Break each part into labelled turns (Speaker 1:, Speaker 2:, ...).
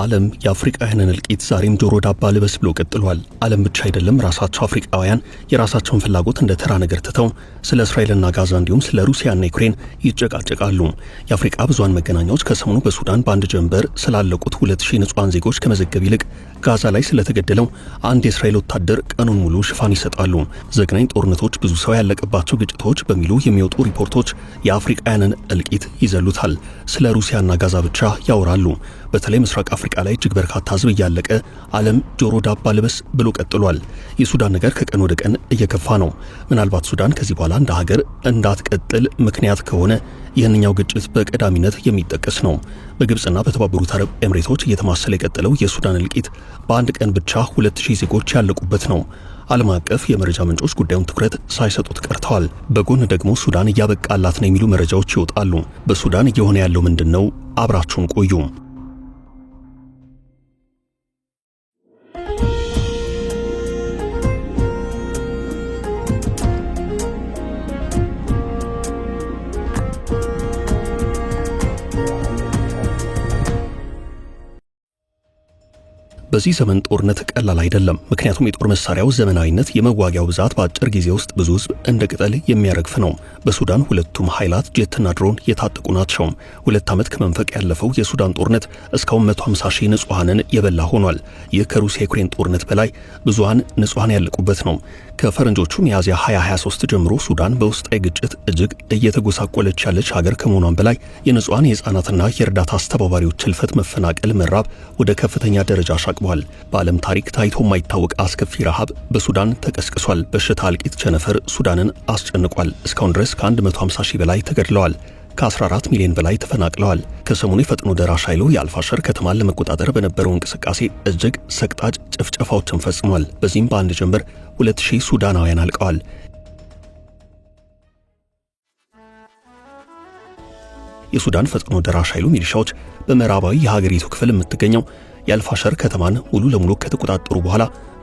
Speaker 1: ዓለም የአፍሪቃውያንን እልቂት ዛሬም ጆሮ ዳባ ልበስ ብሎ ቀጥሏል። ዓለም ብቻ አይደለም፣ ራሳቸው አፍሪቃውያን የራሳቸውን ፍላጎት እንደ ተራ ነገር ትተው ስለ እስራኤልና ጋዛ እንዲሁም ስለ ሩሲያና ዩክሬን ይጨቃጨቃሉ። የአፍሪቃ ብዙሃን መገናኛዎች ከሰሞኑ በሱዳን በአንድ ጀንበር ስላለቁት 2000 ንጹሐን ዜጎች ከመዘገብ ይልቅ ጋዛ ላይ ስለተገደለው አንድ የእስራኤል ወታደር ቀኑን ሙሉ ሽፋን ይሰጣሉ። ዘግናኝ ጦርነቶች፣ ብዙ ሰው ያለቀባቸው ግጭቶች በሚሉ የሚወጡ ሪፖርቶች የአፍሪቃውያንን እልቂት ይዘሉታል። ስለ ሩሲያና ጋዛ ብቻ ያወራሉ። በተለይ ምስራቅ አፍሪካ ላይ እጅግ በርካታ ህዝብ እያለቀ ዓለም ጆሮ ዳባ ልበስ ብሎ ቀጥሏል። የሱዳን ነገር ከቀን ወደ ቀን እየከፋ ነው። ምናልባት ሱዳን ከዚህ በኋላ እንደ ሀገር እንዳትቀጥል ምክንያት ከሆነ ይህንኛው ግጭት በቀዳሚነት የሚጠቀስ ነው። በግብፅና በተባበሩት አረብ ኤምሬቶች እየተማሰለ የቀጠለው የሱዳን እልቂት በአንድ ቀን ብቻ ሁለት ሺህ ዜጎች ያለቁበት ነው። ዓለም አቀፍ የመረጃ ምንጮች ጉዳዩን ትኩረት ሳይሰጡት ቀርተዋል። በጎን ደግሞ ሱዳን እያበቃላት ነው የሚሉ መረጃዎች ይወጣሉ። በሱዳን እየሆነ ያለው ምንድን ነው? አብራችሁን ቆዩ። በዚህ ዘመን ጦርነት ቀላል አይደለም። ምክንያቱም የጦር መሳሪያው ዘመናዊነት የመዋጊያው ብዛት በአጭር ጊዜ ውስጥ ብዙ ህዝብ እንደ ቅጠል የሚያረግፍ ነው። በሱዳን ሁለቱም ኃይላት ጀትና ድሮን የታጠቁ ናቸው። ሁለት ዓመት ከመንፈቅ ያለፈው የሱዳን ጦርነት እስካሁን 150 ሺህ ንጹሐንን የበላ ሆኗል። ይህ ከሩሲያ ዩክሬን ጦርነት በላይ ብዙሃን ንጹሐን ያለቁበት ነው። ከፈረንጆቹ ሚያዝያ 2023 ጀምሮ ሱዳን በውስጣዊ ግጭት እጅግ እየተጎሳቆለች ያለች ሀገር ከመሆኗን በላይ የንጹሐን የህፃናትና የእርዳታ አስተባባሪዎች ህልፈት፣ መፈናቀል፣ መራብ ወደ ከፍተኛ ደረጃ አሻቅቧል። ተዘግቧል። በዓለም ታሪክ ታይቶ የማይታወቅ አስከፊ ረሃብ በሱዳን ተቀስቅሷል። በሽታ አልቂት ቸነፈር ሱዳንን አስጨንቋል። እስካሁን ድረስ ከ150 ሺህ በላይ ተገድለዋል። ከ14 ሚሊዮን በላይ ተፈናቅለዋል። ከሰሞኑ የፈጥኖ ደራሽ ኃይሉ የአልፋሸር ከተማን ለመቆጣጠር በነበረው እንቅስቃሴ እጅግ ሰቅጣጭ ጭፍጨፋዎችን ፈጽሟል። በዚህም በአንድ ጀንበር 2000 ሱዳናውያን አልቀዋል። የሱዳን ፈጥኖ ደራሽ ኃይሉ ሚሊሻዎች በምዕራባዊ የሀገሪቱ ክፍል የምትገኘው የአልፋሸር ከተማን ሙሉ ለሙሉ ከተቆጣጠሩ በኋላ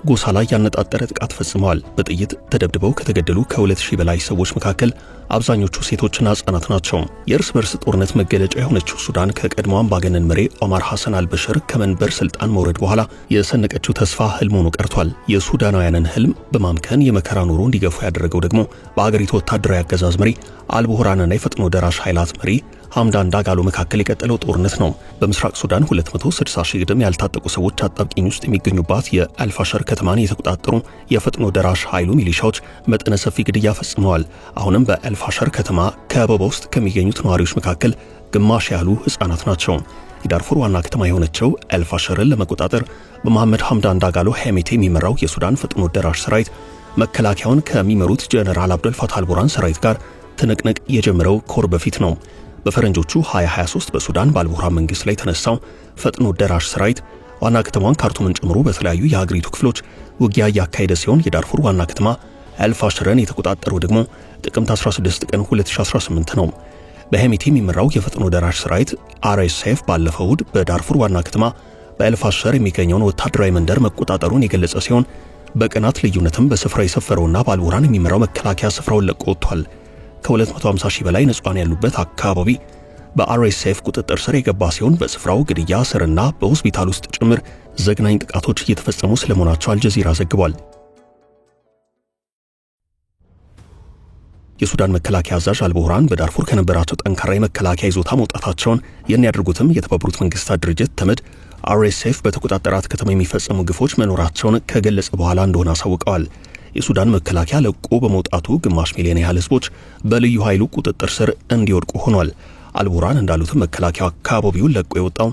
Speaker 1: ጎሳ ላይ ያነጣጠረ ጥቃት ፈጽመዋል። በጥይት ተደብድበው ከተገደሉ ከሁለት ሺህ በላይ ሰዎች መካከል አብዛኞቹ ሴቶችና ሕጻናት ናቸው። የእርስ በርስ ጦርነት መገለጫ የሆነችው ሱዳን ከቀድሞ አምባገነን መሪ ኦማር ሐሰን አልበሽር ከመንበር ስልጣን መውረድ በኋላ የሰነቀችው ተስፋ ህልም ሆኖ ቀርቷል። የሱዳናውያንን ህልም በማምከን የመከራ ኑሮ እንዲገፉ ያደረገው ደግሞ በአገሪቱ ወታደራዊ አገዛዝ መሪ አልቡርሃንና የፈጥኖ ደራሽ ኃይላት መሪ ሐምዳን ዳጋሎ መካከል የቀጠለው ጦርነት ነው። በምስራቅ ሱዳን 260 ሺህ ግድም ያልታጠቁ ሰዎች አጣብቂኝ ውስጥ የሚገኙባት የአልፋሸር ከተማን የተቆጣጠሩ የፈጥኖ ደራሽ ኃይሉ ሚሊሻዎች መጠነ ሰፊ ግድያ ፈጽመዋል። አሁንም በአልፋሸር ከተማ ከበባ ውስጥ ከሚገኙት ነዋሪዎች መካከል ግማሽ ያህሉ ሕፃናት ናቸው። የዳርፉር ዋና ከተማ የሆነችው አልፋሸርን ለመቆጣጠር በመሐመድ ሐምዳን ዳጋሎ ሄሜቴ የሚመራው የሱዳን ፈጥኖ ደራሽ ሰራዊት መከላከያውን ከሚመሩት ጀነራል አብደል ፋታል ቡራን ሰራዊት ጋር ትንቅንቅ የጀመረው ኮር በፊት ነው። በፈረንጆቹ 2023 በሱዳን ባልቡራ መንግስት ላይ የተነሳው ፈጥኖ ደራሽ ሰራዊት ዋና ከተማዋን ካርቱምን ጨምሮ በተለያዩ የሀገሪቱ ክፍሎች ውጊያ እያካሄደ ሲሆን የዳርፉር ዋና ከተማ አልፋሽረን የተቆጣጠረው ደግሞ ጥቅምት 16 ቀን 2018 ነው። በሄሜቲ የሚመራው የፈጥኖ ደራሽ ሰራዊት አርኤስኤፍ ባለፈው እሁድ በዳርፉር ዋና ከተማ በአልፋሽር የሚገኘውን ወታደራዊ መንደር መቆጣጠሩን የገለጸ ሲሆን በቀናት ልዩነትም በስፍራው የሰፈረውና ባልቡርሃን የሚመራው መከላከያ ስፍራውን ለቆ ወጥቷል። ከ250 ሺህ በላይ ንጹሃን ያሉበት አካባቢ በአርኤስኤፍ ቁጥጥር ስር የገባ ሲሆን በስፍራው ግድያ፣ ስርና በሆስፒታል ውስጥ ጭምር ዘግናኝ ጥቃቶች እየተፈጸሙ ስለመሆናቸው አልጀዚራ ዘግቧል። የሱዳን መከላከያ አዛዥ አልቡርሃን በዳርፉር ከነበራቸው ጠንካራ የመከላከያ ይዞታ መውጣታቸውን የሚያደርጉትም የተባበሩት መንግስታት ድርጅት ተመድ አርኤስኤፍ በተቆጣጠራት ከተማ የሚፈጸሙ ግፎች መኖራቸውን ከገለጸ በኋላ እንደሆነ አሳውቀዋል። የሱዳን መከላከያ ለቆ በመውጣቱ ግማሽ ሚሊዮን ያህል ህዝቦች በልዩ ኃይሉ ቁጥጥር ስር እንዲወድቁ ሆኗል። አልቡራን እንዳሉትም መከላከያው አካባቢውን ለቆ የወጣው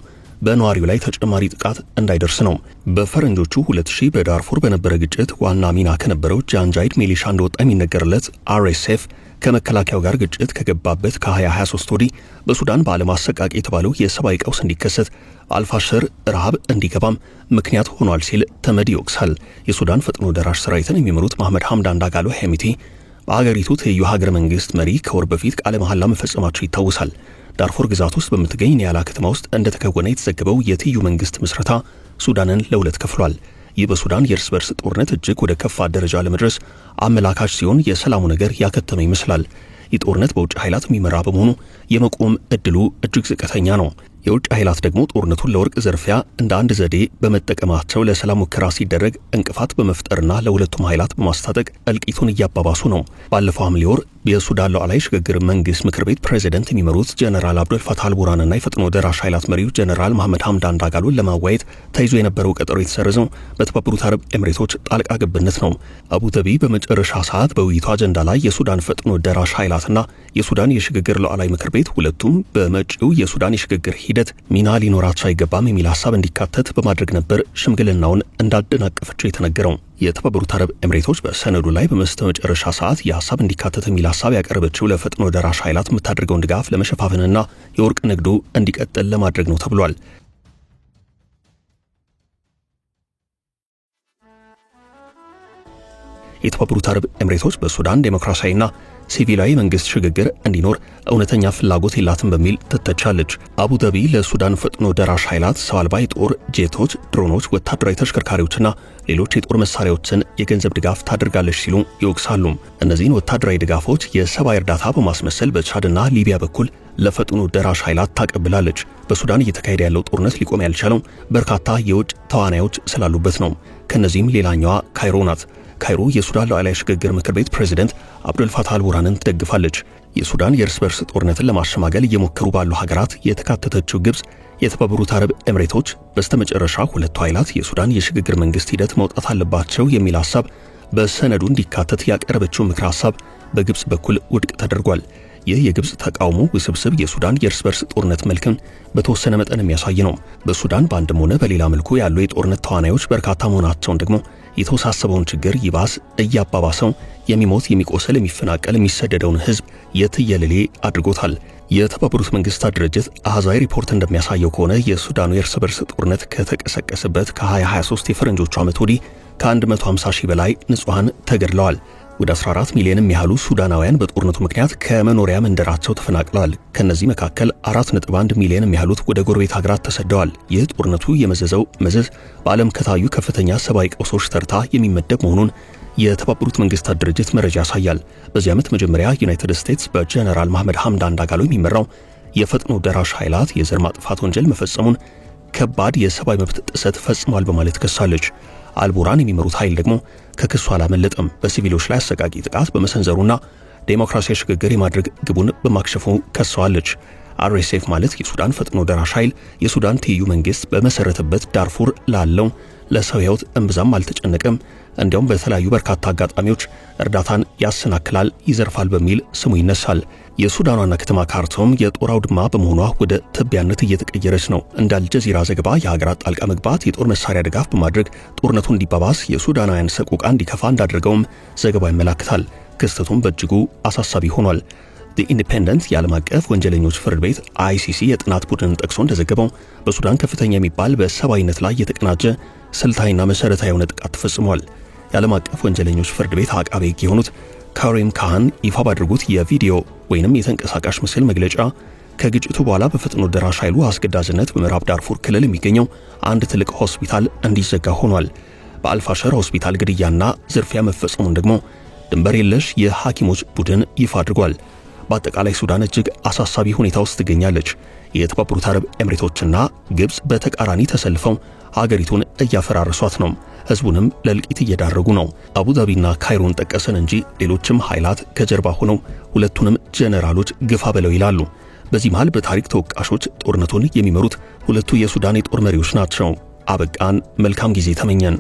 Speaker 1: በነዋሪው ላይ ተጨማሪ ጥቃት እንዳይደርስ ነው። በፈረንጆቹ 2000 በዳርፉር በነበረ ግጭት ዋና ሚና ከነበረው ጃንጃይድ ሚሊሻ እንደወጣ የሚነገርለት አርኤስኤፍ ከመከላከያው ጋር ግጭት ከገባበት ከ2023 ወዲህ በሱዳን በዓለም አሰቃቂ የተባለው የሰብአዊ ቀውስ እንዲከሰት አልፋሽር ረሃብ እንዲገባም ምክንያት ሆኗል ሲል ተመድ ይወቅሳል። የሱዳን ፈጥኖ ደራሽ ሰራዊትን የሚመሩት መሐመድ ሐምዳን ዳጋሎ ሄሚቲ በአገሪቱ ትይዩ ሀገረ መንግስት መሪ ከወር በፊት ቃለ መሐላ መፈጸማቸው ይታወሳል። ዳርፎር ግዛት ውስጥ በምትገኝ ኒያላ ከተማ ውስጥ እንደተከወነ የተዘገበው የትዩ መንግስት ምስረታ ሱዳንን ለሁለት ከፍሏል። ይህ በሱዳን የእርስ በርስ ጦርነት እጅግ ወደ ከፋ ደረጃ ለመድረስ አመላካች ሲሆን የሰላሙ ነገር ያከተመ ይመስላል። ይህ ጦርነት በውጭ ኃይላት የሚመራ በመሆኑ የመቆም እድሉ እጅግ ዝቅተኛ ነው። የውጭ ኃይላት ደግሞ ጦርነቱን ለወርቅ ዘርፊያ እንደ አንድ ዘዴ በመጠቀማቸው ለሰላም ሙከራ ሲደረግ እንቅፋት በመፍጠርና ለሁለቱም ኃይላት በማስታጠቅ እልቂቱን እያባባሱ ነው። ባለፈው ሐምሌ ወር የሱዳን ሉዓላዊ ሽግግር መንግስት ምክር ቤት ፕሬዚደንት የሚመሩት ጀነራል አብዶልፋታህ አልቡርሃንና የፈጥኖ ደራሽ ኃይላት መሪው ጀነራል መሐመድ ሀምዳን ዳጋሎን ለማዋየት ተይዞ የነበረው ቀጠሮ የተሰረዘው በተባበሩት አረብ ኤምሬቶች ጣልቃ ገብነት ነው። አቡዘቢ በመጨረሻ ሰዓት በውይይቱ አጀንዳ ላይ የሱዳን ፈጥኖ ደራሽ ኃይላትና የሱዳን የሽግግር ሉዓላዊ ምክር ቤት ሁለቱም በመጪው የሱዳን የሽግግር ሂደት ሚና ሊኖራቸው አይገባም የሚል ሀሳብ እንዲካተት በማድረግ ነበር ሽምግልናውን እንዳደናቀፈቸው የተነገረው። የተባበሩት አረብ ኤምሬቶች በሰነዱ ላይ በመስተ መጨረሻ ሰዓት የሀሳብ እንዲካተት የሚል ሀሳብ ያቀረበችው ለፈጥኖ ደራሽ ኃይላት የምታደርገውን ድጋፍ ለመሸፋፈንና የወርቅ ንግዱ እንዲቀጥል ለማድረግ ነው ተብሏል። የተባበሩት አረብ ኤምሬቶች በሱዳን ዴሞክራሲያዊና ሲቪላዊ መንግስት ሽግግር እንዲኖር እውነተኛ ፍላጎት የላትም በሚል ትተቻለች። ዳቢ ለሱዳን ፈጥኖ ደራሽ ኃይላት ሰው አልባ የጦር ጄቶች፣ ድሮኖች፣ ወታደራዊ ተሽከርካሪዎችና ሌሎች የጦር መሳሪያዎችን የገንዘብ ድጋፍ ታደርጋለች ሲሉ ይወቅሳሉ። እነዚህን ወታደራዊ ድጋፎች የሰብአዊ እርዳታ በማስመሰል በቻድና ሊቢያ በኩል ለፈጥኖ ደራሽ ኃይላት ታቀብላለች። በሱዳን እየተካሄደ ያለው ጦርነት ሊቆም ያልቻለው በርካታ የውጭ ተዋናዮች ስላሉበት ነው። ከነዚህም ሌላኛዋ ካይሮ ናት። ካይሮ የሱዳን ሉዓላዊ ሽግግር ምክር ቤት ፕሬዚደንት አብዱልፋታህ አልቡርሃንን ትደግፋለች። የሱዳን የእርስ በርስ ጦርነትን ለማሸማገል እየሞከሩ ባሉ ሀገራት የተካተተችው ግብፅ፣ የተባበሩት አረብ ኤምሬቶች በስተመጨረሻ ሁለቱ ኃይላት የሱዳን የሽግግር መንግስት ሂደት መውጣት አለባቸው የሚል ሀሳብ በሰነዱ እንዲካተት ያቀረበችው ምክር ሀሳብ በግብፅ በኩል ውድቅ ተደርጓል። ይህ የግብፅ ተቃውሞ ውስብስብ የሱዳን የእርስ በርስ ጦርነት መልክን በተወሰነ መጠን የሚያሳይ ነው። በሱዳን በአንድም ሆነ በሌላ መልኩ ያሉ የጦርነት ተዋናዮች በርካታ መሆናቸውን ደግሞ የተወሳሰበውን ችግር ይባስ እያባባሰው የሚሞት የሚቆስል፣ የሚፈናቀል፣ የሚሰደደውን ህዝብ የትየለሌ አድርጎታል። የተባበሩት መንግስታት ድርጅት አሃዛዊ ሪፖርት እንደሚያሳየው ከሆነ የሱዳኑ የእርስ በርስ ጦርነት ከተቀሰቀሰበት ከ2023 የፈረንጆቹ ዓመት ወዲህ ከ150 ሺህ በላይ ንጹሐን ተገድለዋል። ወደ 14 ሚሊዮን የሚያሉ ሱዳናውያን በጦርነቱ ምክንያት ከመኖሪያ መንደራቸው ተፈናቅለዋል። ከነዚህ መካከል 4.1 ሚሊዮን የሚያሉት ወደ ጎረቤት ሀገራት ተሰደዋል። ይህ ጦርነቱ የመዘዘው መዘዝ በዓለም ከታዩ ከፍተኛ ሰብአዊ ቀውሶች ተርታ የሚመደብ መሆኑን የተባበሩት መንግስታት ድርጅት መረጃ ያሳያል። በዚህ ዓመት መጀመሪያ ዩናይትድ ስቴትስ በጀነራል መሐመድ ሐምዳን ዳጋሎ የሚመራው የፈጥኖ ደራሽ ኃይላት የዘር ማጥፋት ወንጀል መፈጸሙን ከባድ የሰብአዊ መብት ጥሰት ፈጽሟል በማለት ከሳለች። አልቡራን የሚመሩት ኃይል ደግሞ ከክሱ አላመለጠም። በሲቪሎች ላይ አሰቃቂ ጥቃት በመሰንዘሩና ዴሞክራሲያዊ ሽግግር የማድረግ ግቡን በማክሸፉ ከሰዋለች። አርኤስኤፍ ማለት የሱዳን ፈጥኖ ደራሽ ኃይል የሱዳን ትይዩ መንግስት በመሰረተበት ዳርፉር ላለው ለሰው ሕይወት እምብዛም አልተጨነቀም። እንዲያውም በተለያዩ በርካታ አጋጣሚዎች እርዳታን ያሰናክላል፣ ይዘርፋል በሚል ስሙ ይነሳል። የሱዳን ዋና ከተማ ካርቱም የጦር አውድማ በመሆኗ ወደ ትቢያነት እየተቀየረች ነው። እንደ አልጀዚራ ዘገባ የሀገራት ጣልቃ መግባት የጦር መሳሪያ ድጋፍ በማድረግ ጦርነቱ እንዲባባስ የሱዳናውያን ሰቆቃ እንዲከፋ እንዳደረገውም ዘገባው ይመላክታል። ክስተቱም በእጅጉ አሳሳቢ ሆኗል። ኢንዲፔንደንት የዓለም አቀፍ ወንጀለኞች ፍርድ ቤት አይሲሲ የጥናት ቡድንን ጠቅሶ እንደዘገበው በሱዳን ከፍተኛ የሚባል በሰብአዊነት ላይ የተቀናጀ ስልታዊና መሠረታዊ የሆነ ጥቃት ተፈጽሟል። የዓለም አቀፍ ወንጀለኞች ፍርድ ቤት አቃቤ ሕግ የሆኑት ካሪም ካህን ይፋ ባድርጉት የቪዲዮ ወይንም የተንቀሳቃሽ ምስል መግለጫ ከግጭቱ በኋላ በፈጥኖ ደራሽ ኃይሉ አስገዳጅነት በምዕራብ ዳርፉር ክልል የሚገኘው አንድ ትልቅ ሆስፒታል እንዲዘጋ ሆኗል። በአልፋሸር ሆስፒታል ግድያና ዝርፊያ መፈጸሙን ደግሞ ድንበር የለሽ የሐኪሞች ቡድን ይፋ አድርጓል። በአጠቃላይ ሱዳን እጅግ አሳሳቢ ሁኔታ ውስጥ ትገኛለች። የተባበሩት አረብ ኤምሬቶችና ግብፅ በተቃራኒ ተሰልፈው ሀገሪቱን እያፈራረሷት ነው። ህዝቡንም ለእልቂት እየዳረጉ ነው። አቡዛቢና ካይሮን ጠቀስን እንጂ ሌሎችም ኃይላት ከጀርባ ሆነው ሁለቱንም ጀነራሎች ግፋ በለው ይላሉ። በዚህ መሃል በታሪክ ተወቃሾች ጦርነቱን የሚመሩት ሁለቱ የሱዳን የጦር መሪዎች ናቸው። አበቃን። መልካም ጊዜ ተመኘን።